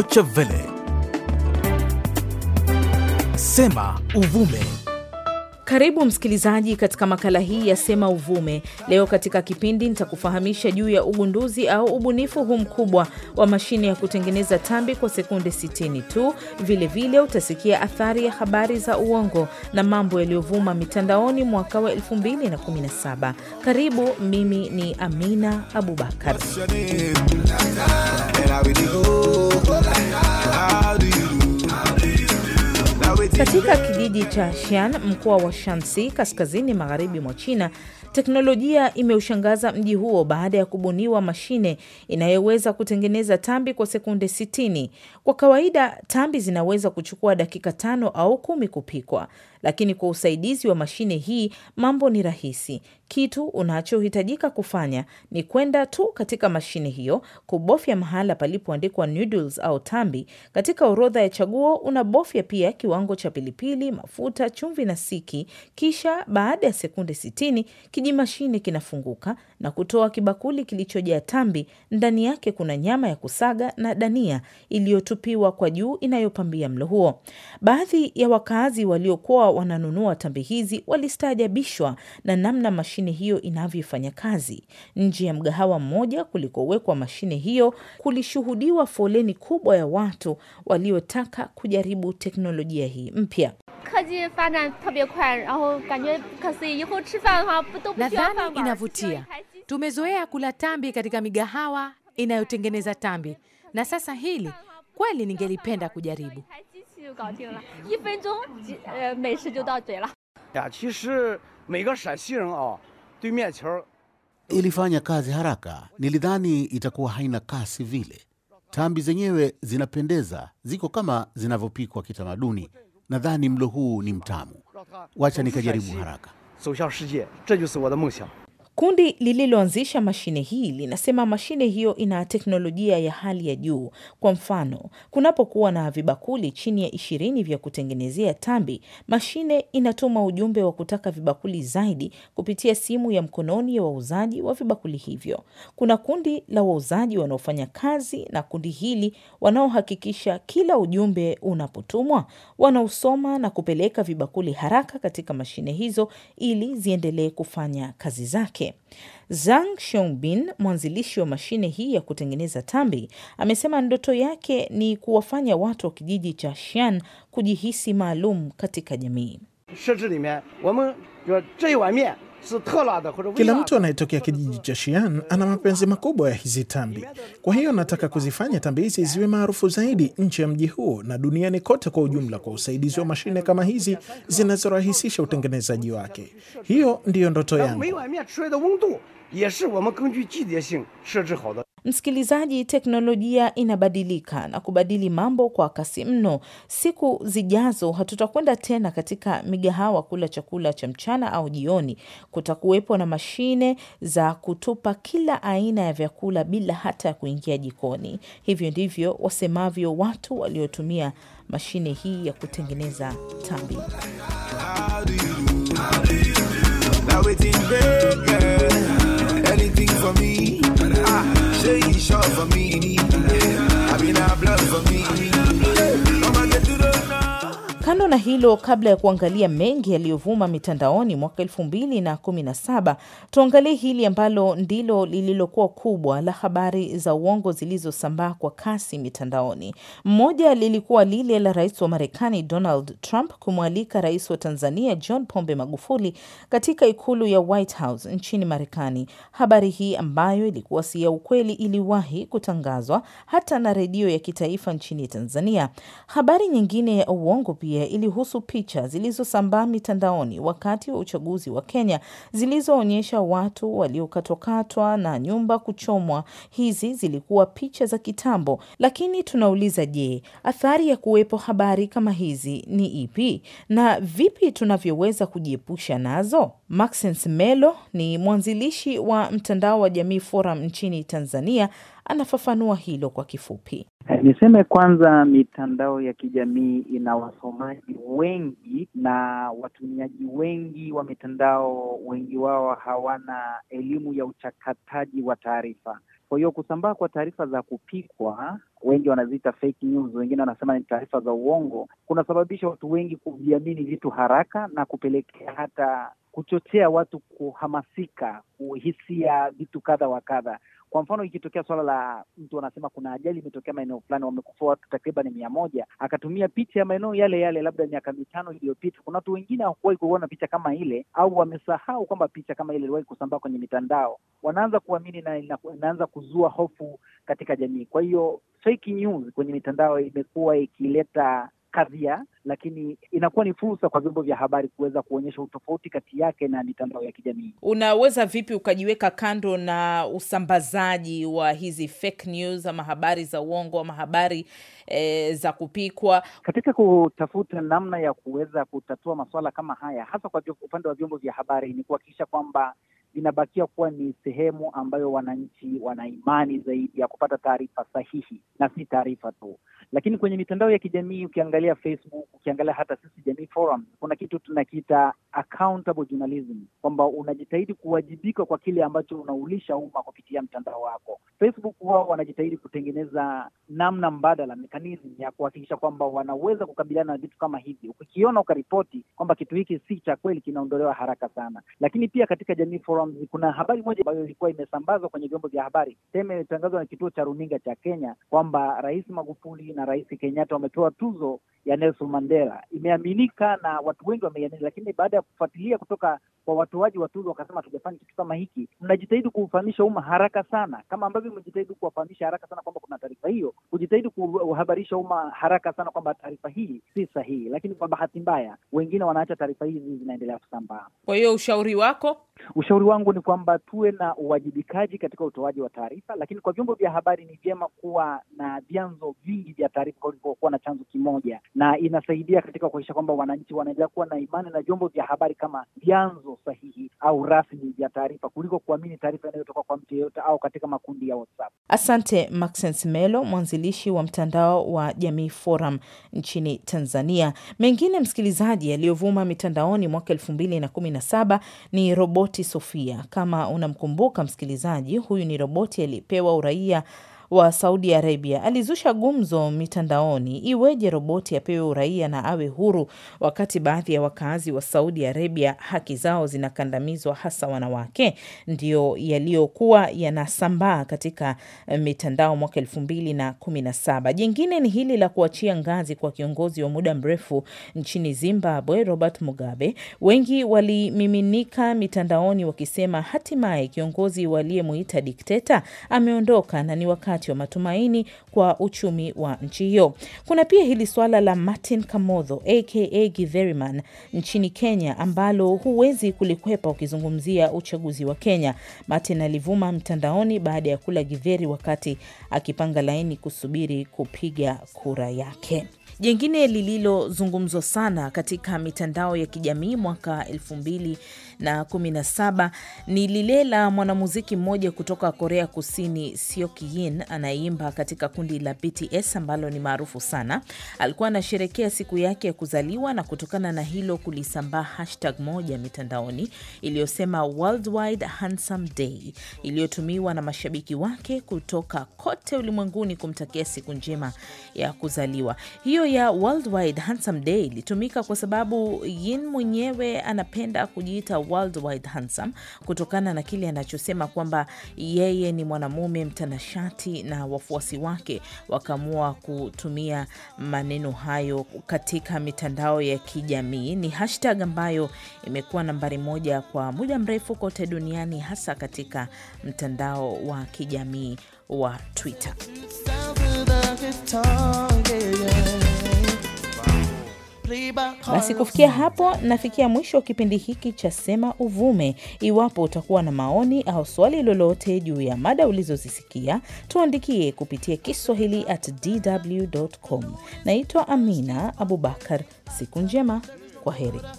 Deutsche Welle. Sema Uvume. Karibu msikilizaji katika makala hii ya Sema Uvume. Leo katika kipindi nitakufahamisha juu ya ugunduzi au ubunifu huu mkubwa wa mashine ya kutengeneza tambi kwa sekunde 60 tu. Vilevile utasikia athari ya habari za uongo na mambo yaliyovuma mitandaoni mwaka wa 2017. Karibu, mimi ni Amina Abubakar. Katika kijiji cha shian mkoa wa shansi kaskazini magharibi mwa China, Teknolojia imeushangaza mji huo baada ya kubuniwa mashine inayoweza kutengeneza tambi kwa sekunde 60. Kwa kawaida tambi zinaweza kuchukua dakika tano au kumi kupikwa, lakini kwa usaidizi wa mashine hii mambo ni rahisi. Kitu unachohitajika kufanya ni kwenda tu katika mashine hiyo, kubofya mahala palipoandikwa noodles au tambi. Katika orodha ya chaguo, unabofya pia kiwango cha pilipili, mafuta, chumvi na siki, kisha baada ya sekunde 60 Kijimashine kinafunguka na kutoa kibakuli kilichojaa tambi. Ndani yake kuna nyama ya kusaga na dania iliyotupiwa kwa juu inayopambia mlo huo. Baadhi ya wakaazi waliokuwa wananunua tambi hizi walistaajabishwa na namna mashine hiyo inavyofanya kazi. Nje ya mgahawa mmoja kulikowekwa mashine hiyo, kulishuhudiwa foleni kubwa ya watu waliotaka kujaribu teknolojia hii mpya inavutia tumezoea kula tambi katika migahawa inayotengeneza tambi, na sasa hili kweli ningelipenda kujaribu. Ilifanya kazi haraka, nilidhani itakuwa haina kasi vile. Tambi zenyewe zinapendeza, ziko kama zinavyopikwa kitamaduni. Nadhani mlo huu ni mtamu, wacha nikajaribu haraka. Kundi lililoanzisha mashine hii linasema mashine hiyo ina teknolojia ya hali ya juu. Kwa mfano, kunapokuwa na vibakuli chini ya ishirini vya kutengenezea tambi, mashine inatuma ujumbe wa kutaka vibakuli zaidi kupitia simu ya mkononi ya wauzaji wa vibakuli hivyo. Kuna kundi la wauzaji wanaofanya kazi na kundi hili wanaohakikisha kila ujumbe unapotumwa wanausoma na kupeleka vibakuli haraka katika mashine hizo ili ziendelee kufanya kazi zake. Zhang Xiongbin, mwanzilishi wa mashine hii ya kutengeneza tambi, amesema ndoto yake ni kuwafanya watu wa kijiji cha Xian kujihisi maalum katika jamii. Kila mtu anayetokea kijiji cha Shian ana mapenzi makubwa ya hizi tambi, kwa hiyo nataka kuzifanya tambi hizi ziwe maarufu zaidi nje ya mji huo na duniani kote kwa ujumla, kwa usaidizi wa mashine kama hizi zinazorahisisha utengenezaji wake. Hiyo ndiyo ndoto yangu. Msikilizaji, teknolojia inabadilika na kubadili mambo kwa kasi mno. Siku zijazo hatutakwenda tena katika migahawa kula chakula cha mchana au jioni. Kutakuwepo na mashine za kutupa kila aina ya vyakula bila hata ya kuingia jikoni. Hivyo ndivyo wasemavyo watu waliotumia mashine hii ya kutengeneza tambi. na hilo, kabla ya kuangalia mengi yaliyovuma mitandaoni mwaka elfu mbili na kumi na saba, tuangalie hili ambalo ndilo lililokuwa kubwa la habari za uongo zilizosambaa kwa kasi mitandaoni. Mmoja lilikuwa lile la rais wa Marekani Donald Trump kumwalika rais wa Tanzania John Pombe Magufuli katika ikulu ya White House nchini Marekani. Habari hii ambayo ilikuwa si ya ukweli iliwahi kutangazwa hata na redio ya kitaifa nchini Tanzania. Habari nyingine ya uongo pia ilihusu picha zilizosambaa mitandaoni wakati wa uchaguzi wa Kenya zilizoonyesha watu waliokatwakatwa na nyumba kuchomwa. Hizi zilikuwa picha za kitambo, lakini tunauliza, je, athari ya kuwepo habari kama hizi ni ipi na vipi tunavyoweza kujiepusha nazo? Maxence Melo ni mwanzilishi wa mtandao wa Jamii Forum nchini Tanzania anafafanua hilo kwa kifupi. Eh, niseme kwanza, mitandao ya kijamii ina wasomaji wengi na watumiaji wengi wa mitandao, wengi wao hawana elimu ya uchakataji wa taarifa. Kwa hiyo kusambaa kwa taarifa za kupikwa, wengi wanaziita fake news, wengine wanasema ni taarifa za uongo, kunasababisha watu wengi kuviamini vitu haraka na kupelekea hata kuchochea watu kuhamasika, kuhisia vitu kadha wa kadha. Kwa mfano, ikitokea swala la mtu anasema kuna ajali imetokea maeneo fulani, wamekufa watu takriban mia moja, akatumia picha ya maeneo yale yale labda miaka mitano iliyopita. Kuna watu wengine hawakuwahi kuona picha kama ile, au wamesahau kwamba picha kama ile iliwahi kusambaa kwenye mitandao, wanaanza kuamini na inaanza kuzua hofu katika jamii. Kwa hiyo fake news kwenye mitandao imekuwa ikileta kadhia, lakini inakuwa ni fursa kwa vyombo vya habari kuweza kuonyesha utofauti kati yake na mitandao ya kijamii. Unaweza vipi ukajiweka kando na usambazaji wa hizi fake news ama habari za uongo ama habari e, za kupikwa katika kutafuta namna ya kuweza kutatua masuala kama haya, hasa kwa upande wa vyombo vya habari ni kuhakikisha kwamba vinabakia kuwa ni sehemu ambayo wananchi wana imani zaidi ya kupata taarifa sahihi na si taarifa tu. Lakini kwenye mitandao ya kijamii ukiangalia Facebook, ukiangalia hata sisi Jamii Forum, kuna kitu tunakiita accountable journalism, kwamba unajitahidi kuwajibika kwa kile ambacho unaulisha umma kupitia mtandao wako. Facebook wao wanajitahidi kutengeneza namna mbadala, mekanism ya kuhakikisha kwamba wanaweza kukabiliana na vitu kama hivi. Ukikiona ukaripoti kwamba kitu hiki si cha kweli, kinaondolewa haraka sana. Lakini pia katika Jamii Forums kuna habari moja ambayo ilikuwa imesambazwa kwenye vyombo vya habari, sema imetangazwa na kituo cha runinga cha Kenya kwamba Rais Magufuli na Rais Kenyatta wametoa tuzo ya Nelson Mandela. Imeaminika na watu wengi wameiamini, lakini baada ya kufuatilia kutoka kwa watoaji wa tuzo wakasema tujafanya kitu kama hiki. Mnajitahidi kuufahamisha umma haraka sana, kama ambavyo mmejitahidi kuwafahamisha haraka sana kwamba kuna taarifa hiyo, kujitahidi kuhabarisha umma haraka sana kwamba taarifa hii si sahihi, lakini kwa bahati mbaya wengine wanaacha taarifa hizi zinaendelea kusambaa. Kwa hiyo ushauri wako? Ushauri wangu ni kwamba tuwe na uwajibikaji katika utoaji wa taarifa, lakini kwa vyombo vya habari ni vyema kuwa na vyanzo vingi vya taarifa kuliko kuwa na chanzo kimoja, na inasaidia katika kuhakikisha kwamba wananchi wanaendelea kuwa na imani na vyombo vya habari kama vyanzo vyanzo sahihi au rasmi vya taarifa kuliko kuamini taarifa inayotoka kwa mtu yeyote au katika makundi ya WhatsApp. Asante Maxence Melo, mwanzilishi wa mtandao wa Jamii Forum nchini Tanzania. Mengine msikilizaji, yaliyovuma mitandaoni mwaka elfu mbili na kumi na saba ni roboti Sofia. Kama unamkumbuka msikilizaji, huyu ni roboti aliyepewa uraia wa Saudi Arabia alizusha gumzo mitandaoni, iweje roboti apewe uraia na awe huru, wakati baadhi ya wakazi wa Saudi Arabia haki zao zinakandamizwa, hasa wanawake. Ndiyo yaliyokuwa yanasambaa katika eh, mitandao mwaka elfu mbili na kumi na saba. Jingine ni hili la kuachia ngazi kwa kiongozi wa muda mrefu nchini Zimbabwe, Robert Mugabe. Wengi walimiminika mitandaoni wakisema hatimaye kiongozi waliyemuita dikteta ameondoka na ni wakati wakati wa matumaini kwa uchumi wa nchi hiyo. Kuna pia hili swala la Martin Kamodho aka Githeriman nchini Kenya ambalo huwezi kulikwepa ukizungumzia uchaguzi wa Kenya. Martin alivuma mtandaoni baada ya kula giveri wakati akipanga laini kusubiri kupiga kura yake. Jengine lililozungumzwa sana katika mitandao ya kijamii mwaka elfu mbili na 17 ni lile la mwanamuziki mmoja kutoka Korea Kusini, Seokyin anayeimba katika kundi la BTS ambalo ni maarufu sana. Alikuwa anasherekea siku yake ya kuzaliwa, na kutokana na hilo kulisambaa hashtag moja mitandaoni iliyosema Worldwide Handsome Day iliyotumiwa na mashabiki wake kutoka kote ulimwenguni kumtakia siku njema ya kuzaliwa. Hiyo ya Worldwide Handsome Day ilitumika kwa sababu Yin mwenyewe anapenda kujiita Worldwide Handsome kutokana na kile anachosema kwamba yeye ni mwanamume mtanashati na wafuasi wake wakaamua kutumia maneno hayo katika mitandao ya kijamii. Ni hashtag ambayo imekuwa nambari moja kwa muda mrefu kote duniani hasa katika mtandao wa kijamii wa Twitter. Basi kufikia hapo nafikia mwisho wa kipindi hiki cha Sema Uvume. Iwapo utakuwa na maoni au swali lolote juu ya mada ulizozisikia, tuandikie kupitia Kiswahili at dw.com. Naitwa Amina Abubakar. Siku njema, kwa heri.